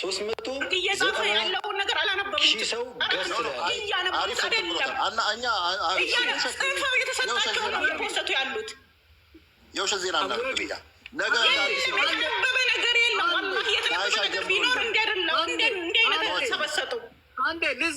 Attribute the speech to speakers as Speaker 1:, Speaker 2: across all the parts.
Speaker 1: ሶስት መቶ
Speaker 2: ያለውን ነገር አላነበቡትም። ሰው እየተሰጣቸው ያሉት
Speaker 1: የውሸት ዜና የተነበበ
Speaker 2: ነገር ነገር ቢኖር
Speaker 3: እንዲህ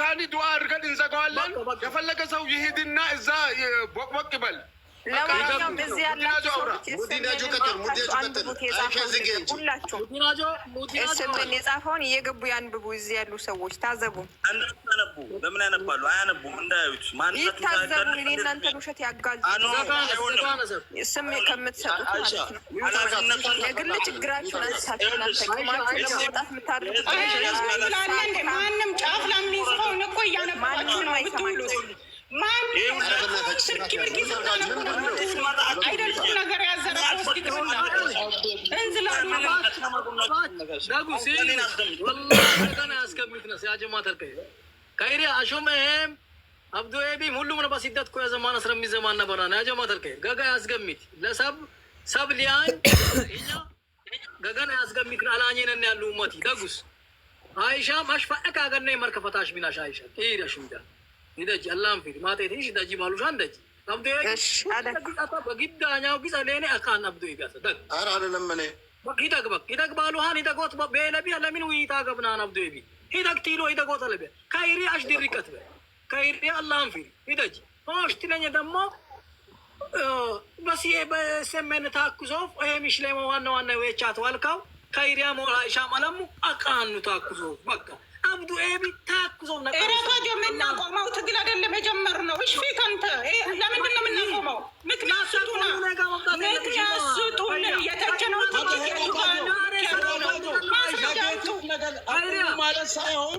Speaker 4: ካኒ ዱአ አድርገን እንዘጋዋለን። የፈለገ ሰው ይሂድና እዛ ቦቅቦቅ ይበል።
Speaker 2: ለማንኛውም እዚህ ያላችሁ
Speaker 1: ሰዎች
Speaker 2: ስምን የጻፈውን እየገቡ ያንብቡ። እዚህ ያሉ ሰዎች ታዘቡ፣
Speaker 1: ለምን ያነባሉ? አያነቡም፣ እንዳያዩት
Speaker 2: ይታዘቡ። እኔ እናንተን ውሸት ያጋዙ ስም ከምትሰጡት ማለት ነው። የግል ችግራችሁን አንስታችሁ ማንም ሽርክ ብርጊት አይደልኩም ነገር ያዘረ ስኪ ግብና እንዝላሉ
Speaker 4: አብዶ ኤቢም ሁሉም ነባ ሲዳት ኮያ ዘማን አስረሚ ዘማን ነበራ ና ጀማ ተልከይ ገጋ ያስገሚት ለሰብ ሰብ ሊያን ገገን ያስገሚት አላኝነን ያሉ መቲ ደጉስ አይሻ ማሽፋ እቃ ገና መርከፈታሽ ቢናሽ አይሻ ቂረሽ ሚዳ ንደጅ አላም ፊድ ማቴቲሽ ደጅ ማሉሻ እንደጅ በግዳኛው ጊዜ ሌኔ አካን አብዱ ሂደግ ባሉሃን ሂደጎት ቤለቢ ለምን ውይታ ገብናን አብዱ ቢ ሂደግ ቲሎ ሂደጎት አለበ ከይሪ አሽድሪቀት በ ከይሪ አላም ፊድ ሂደጅ ሆሽትለኝ ደግሞ በሲኤ በሰሜን ታኩሶፍ ይሄ ዋና ዋና ዌቻት ዋልካው ከይሪያ ሞላ ኢሻ አቃኑ ታኩሶፍ በቃ አብዱ ኤቢታ ኩዞ
Speaker 2: ረቶጆ የምናቆመው ትግል አይደለም የጀመርነው። እሽ ፊት አንተ ለምንድን ነው የምናቆመው? ምክንያት ስጡና ምክንያት ስጡን። የተቸነውት
Speaker 1: ማስረጃ ማለት ሳይሆን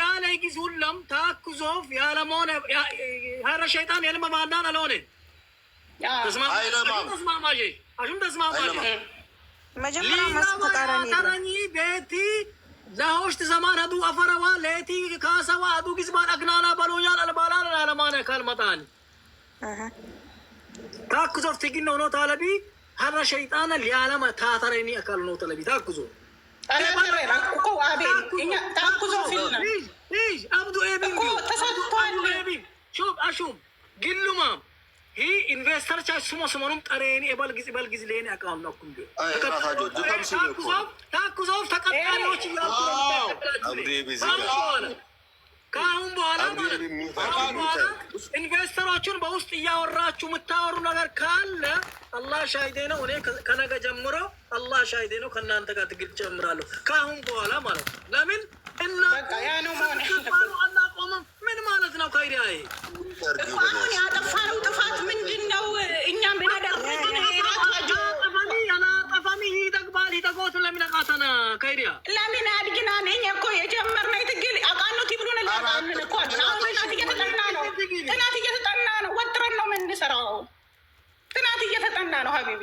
Speaker 4: ያለይጊዝ ሁለም ታክዞፍ ያለመሆነ ሀረ ሸይጣን የልመማናን አለሆነ ተስማማሽ አሹም ተስማማሽ ተረኝ ቤቲ ለሆሽ ትዘማን አዱ አፈረዋ ሌቲ ካሰዋ አዱ ጊዝማን አግናና በሎኛል አልባላል አለማነ ካልመጣን ታክዞፍ ትግን ሆኖ ታለቢ ሀረ ሸይጣን ሊያለመ ታተረኒ አካል ነው ተለቢ ታክዞ ከአሁን በኋላ ማለት ኢንቨስተሮቹን በውስጥ እያወራችሁ የምታወሩ ነገር ካለ አላህ ሻሂዴ ነው። እኔ ከነገ ሻሂዴ ነው። ከእናንተ ጋር ትግል ጨምራለሁ ከአሁን በኋላ ማለት ነው። ለምን
Speaker 2: እናቆምም?
Speaker 4: ምን ማለት ነው? ከይዳ
Speaker 2: ያጠፋነው ጥፋት ምንድን ነው? እኛም ለምን
Speaker 4: እኛ እኮ አቃኖት
Speaker 2: ነው። ጥናት እየተጠና ነው። ወጥረን ነው የምንሰራው። ጥናት እየተጠና ነው ሀቢቢ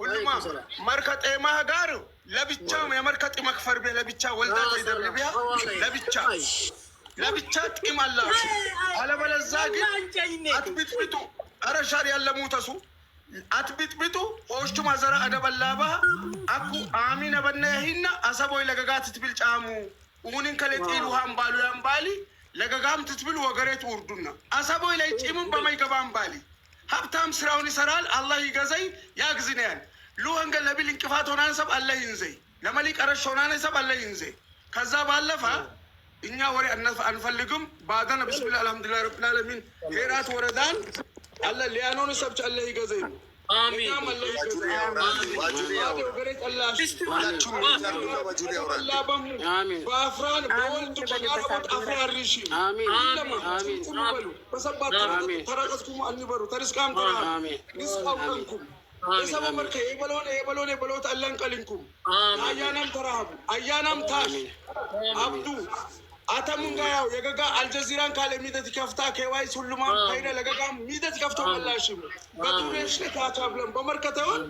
Speaker 4: ሁሉማ መርከጤማ ጋር ለብቻው የመርከጤ መክፈር ቤ ለብቻ ወልዳ ደብልቢያ ለብቻ ለብቻ ጢም አላችሁ። አለበለዛ ግን አትቢጥቢጡ። ኧረ ያለሙተሱ አትቢጥቢጡ ሆሽቱ ማዘራ አደበላባ አኩ አሚነ በነያሂና አሰቦይ ለገጋ ትትብል ጫሙ ኡሙኒን ከሌጤሉ ሀምባሉ ያምባሊ ለገጋም ትትብል ወገሬት ውርዱና አሰቦይ ላይ ጪምም በመይገባ አምባሊ ሀብታም ስራውን ይሰራል። አላህ ይገዘይ ያግዝንያል ሉ ለቢል እንቅፋት ሆናን ሰብ አለ ይንዘይ ለመሊ ቀረሽ ሆናን ሰብ አለ ይንዘይ። ከዛ ባለፈ እኛ ወሬ አንፈልግም። ባደነ ብስሚላ አልሐምዱላ ረብል ሄራት ወረዳን አለ ሊያኖን ሰብች አለ ይገዘይ አያናም ተራሃቡ አያናም ታሽ አብዱ አተሙንጋ ያው የገጋ አልጀዚራን ካለ ሚደት ከፍታ ከዋይስ ሁሉማ ከይነ ለገጋ ሚደት ከፍቶ መላሽ በጡሬሽ ታቻብለን በመርከተውን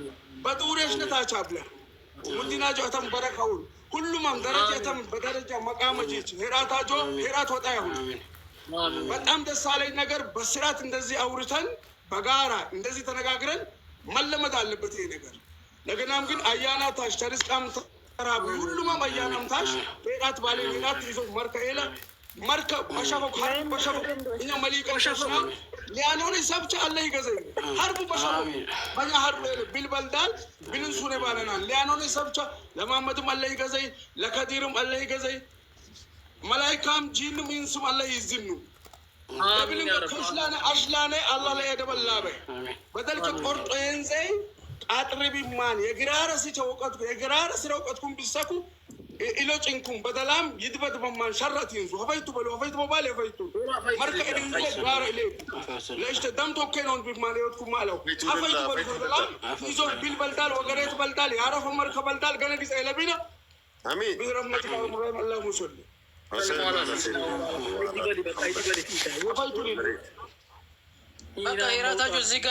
Speaker 4: በጡሬሽ ታቻብለን ሙንዲና ጆ አተም በረከውን ሁሉማም ደረጃ ተም በደረጃ መቃመጅች ሄራታ ሄራት ወጣ ያሁን በጣም ደስ አለኝ ነገር በስርዓት እንደዚህ አውርተን በጋራ እንደዚህ ተነጋግረን መለመድ አለበት ይሄ ነገር። ለገናም ግን አያና ታሽ ተርስቃም ተራቢ ሁሉማም አያናም ታሽ ሪቃት ባሌ ሪቃት ይዞ መርከ ኤላ መርከ በሸፈ ሀርብ በሸፈ እኛ መሊቀ ሸፈ ሊያኖን ሰብቻ አለ ይገዘ ሀርቡ በሸፈ በኛ ሀርብ ቢልበልዳል ቢልን ሱኔ ሊያኖን ሰብቻ ለማመድም አለ ይገዘ ለከዲርም አለ ይገዘ መላይካም ጂንም ኢንስም አለ ይዝኑ ለብልን አሽላነ አላ ላይ የደበላበ በተልከ ቆርጦ የንዘይ አጥሪ ቢማን የግራረ ሲቸ ወቀትኩ ቢሰኩ إلى جنكم بدلام يدبد بمن شرت ينزو هفيتو بلو هفيتو ببالي هفيتو مركا إلينزو جار إليك ليش تدم توكين هون بمالي يوتكم مالو هفيتو بلو بدلام يزو بيل بلدال وغريت بلدال يعرف مركا بلدال غنى بيس إلى بنا آمين برحمتك يا إبراهيم اللهم صل وسلم